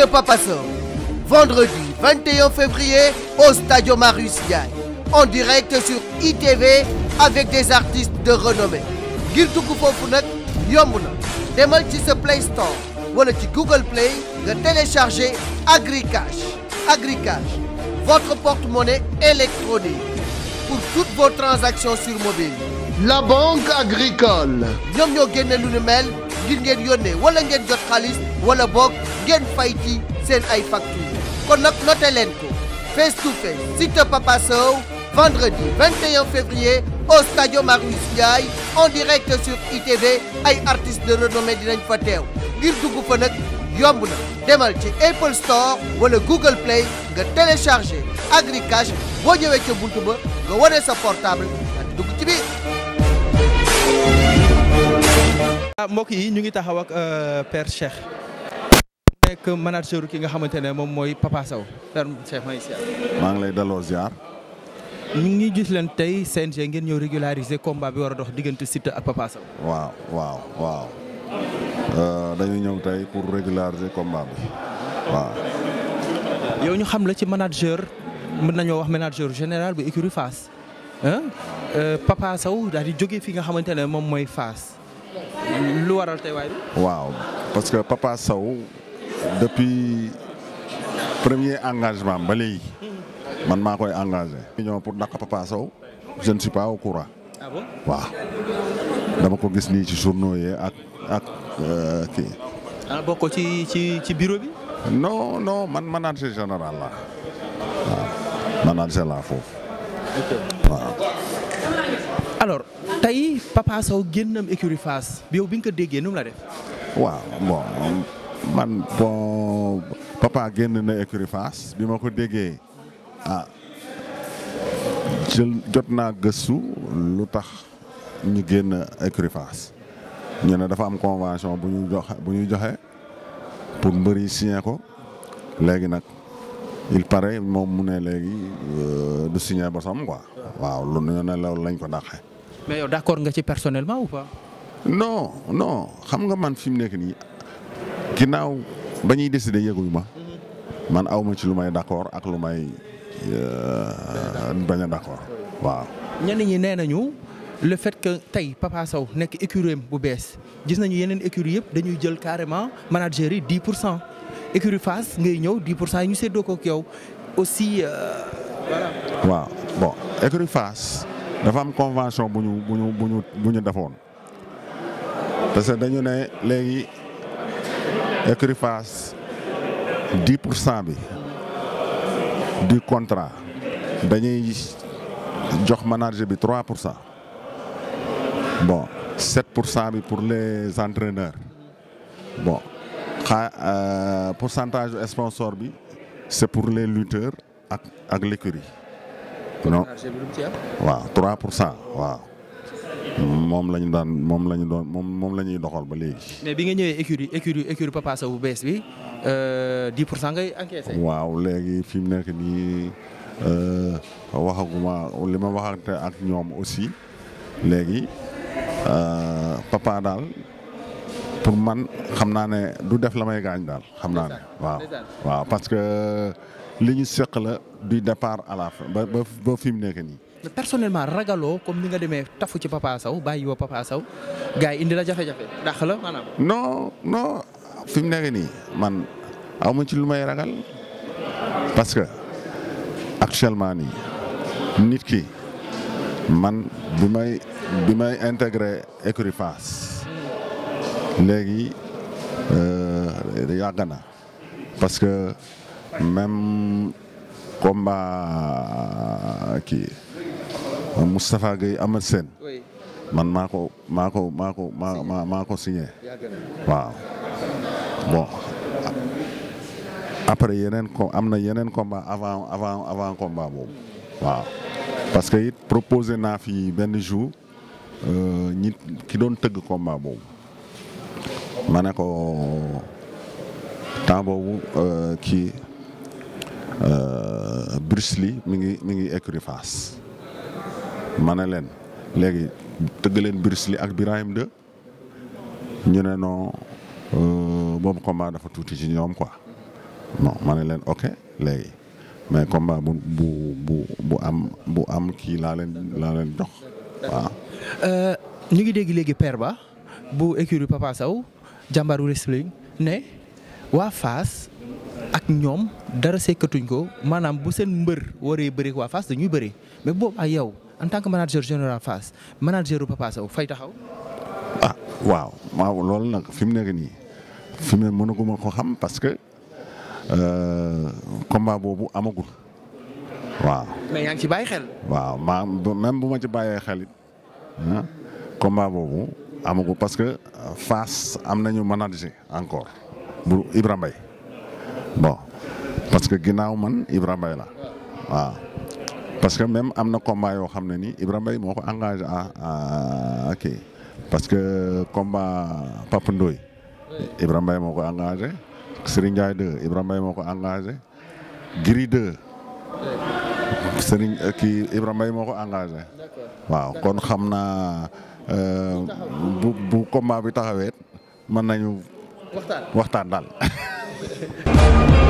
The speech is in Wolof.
de Papa Sow vendredi 21 février au Stade Marius Ndiaye en direct sur ITV avec des artistes de renommée ngir dugg foofu nag yomb na demal ci sa Play Store wala ci Google Play nga télécharger AgriCash AgriCash votre porte-monnaie électronique pour toutes vos transactions sur mobile. La banque agricole. ñoom ñoo génne lu ni mel. ngir ngeen yónnee wala ngeen jot xaalis wala boog ngeen fay ci seen ay facture kon nag noté leen ko face to face Siteu Papa Sow vendredi 21 février au stade Marius Ndiaye en direct sur ITV ay artistes de renommée dinañ fa teew ngir dugg fa nag yomb na demal ci Apple Store wala Google Play nga télécharger Agricash boo ñëwee ca buntu ba nga wane sa portable nga dugg ci biir. Ah, mbokk yi ñu ngi taxaw ak euh, Père Cheikh. nekk manager ki nga xamante ne moom mooy Papa Sow Père maa ngi lay daloo ziar. ñu ngi gis leen tey CNG ngeen ñëw régulariser combat bi war a dox diggante Siteu ak Papa Sow. waaw waaw waaw. Euh, dañu ñëw tey pour régulariser combat bi waaw. yow ñu xam la ci manager mën nañoo wax manager général bu écurie Fass. Euh, Papa Sow daal di jógee fi nga xamante ne moom mooy Fass. lu waral teewaay bi. waaw parce que Papa Sow depuis premier engagement ba léegi man maa koy engagé. ñoo pour dàq Papa Sow je ne suis pas au courant. ah dama ko gis nii ci journaux yi ak ak euh, kii. Ah, bokkoo ci ci ci bureau bi. non non man manager général la waaw manager la foofu waaw. alors tey Papa Sow génnam écurie Fass bi yow bi nga ko déggee nu la def. waaw bon man bon Papa génn na écurie bi ma ko déggee ah jël jot naa gëstu lu tax ñu génn écurie Fass ñu ne dafa am convention bu ñu joxe bu ñu joxe pour mbëri signé ko léegi nag. il paraît moom mu ne léegi euh, du signé bosam quoi. waaw lu ñu ne loolu lañ ko dàqee. mais yow d'accord nga ci personnellement ou pas. non non xam nga man fi nekk nii ginnaaw ba ñuy décider yëguñu ma mhm. man aw ci lu may d'accord ak lu may euh, bañ a d'accord waaw. ñenn ñi nee nañu le fait que tey Papa Sow nekk écurie bu bees gis nañu yeneen écurie yëpp dañuy jël carrément manager yi 10 pour cent. écurie Fass ngay ñëw 10 pour cent yi ñu séddoo ko ak yow aussi euh, waaw bon écurie Fass dafa am convention bu ñu bu ñu bu ñu bu ñu defoon parce que dañu ne léegi écurie Fass 10 pour cent bi du contrat dañuy jox manager bi trois pour cent bon set pour cent bi pour les entraîneurs bon. xaa euh, pourcentage du sponsor bi c'est pour les lutteurs ak ak l'écurie non waaw 3 pour cent waaw moom la daan moom la ñu doon moom moom la ñuy doxal ba léegi. mais bi nga ñëwee écurie écurie écurie Papa Sow bu bees bi euh, pour cent waaw léegi fi mu nekk nii euh, waxaguma li ma waxante ak ñoom aussi léegi papa daal. pour man xam naa ne du def la may gaañ daal xam naa ne waaw waaw parce que li ñu seq la du départ à la fin ba ba fi mu nekk nii. personnellement ragaloo comme ni nga demee tafu ci Papa Sow bàyyi woo Papa Sow gars yi indi la jafe-jafe dàq la maanaam. non non nii man amu ci lu may ragal parce que actuellement nii nit ki man bi may bi may intégré écurie Fass léegi euh, yàgg na parce que même combat kii Moustapha Gueye Amad Sène man maa ko maa ko maa ko waaw bon après yeneen ko am na yeneen combat avant avant avant combat boobu waaw parce que it proposé naa fi benn jour euh, ñi ki doon tëgg combat boobu. ma ne ko temps boobu euh, kii euh, Bruce li mi ngi mi ngi écurie Fass ne leen léegi tëgg leen Bruce Lee ak Birahim dë ñu ne non euh, boobu combat dafa tuuti ci ñoom quoi bon ne leen ok léegi mais combat bu bu am bu am kii laa leen laa jox waaw. ñu ngi dégg léegi Père Ba bu écurie Papa Sow jàmbaaru wrestling ne waa Fass ak ñoom dara sekkatuñ ko maanaam bu seen mbër waree bëri waa Fass dañuy bëri mais boobu ak yow en tant que manager général Fass manageru Papa Sow fay taxaw. ah waaw waaw loolu nag fi mu nekk nii fi mu ne mënaguma ko xam parce que euh, combat boobu amagul waaw. mais yaa ngi ci bàyyi xel. waaw maa même bu ma ci bàyyee xel it ah, boobu. amagu parce que euh, Fass am nañu manager encore bu Ibra Mbaye bon parce que ginnaaw man Ibra Mbaye la waaw parce que même am na combat yoo xam ne ni Ibra Mbaye moo ko engagé à kii parce que combat Papa Ndoye Ibra moo ko engagé Serigne Ndiaye 2 Ibra moo ko engagé Giri 2 Serigne euh, kii Ibra Mbaye moo ko engagé waaw kon xam na Euh, bu bu combat bi taxawee mën nañu. waxtaan waxtaan